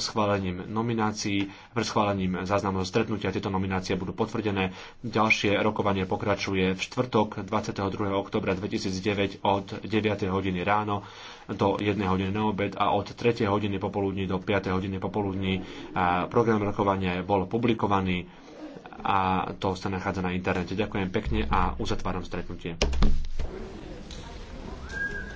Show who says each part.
Speaker 1: schválením nominácií, pred schválením záznamného stretnutia. Tieto nominácie budú potvrdené. Ďalšie rokovanie pokračuje v štvrtok 22. oktobra 2009 od 9. hodiny ráno do 1 hodiny na obed a od 3. hodiny popoludní do 5. hodiny popoludní. Program rokovania bol publikovaný a to sa nachádza na internete. Ďakujem pekne a uzatváram stretnutie.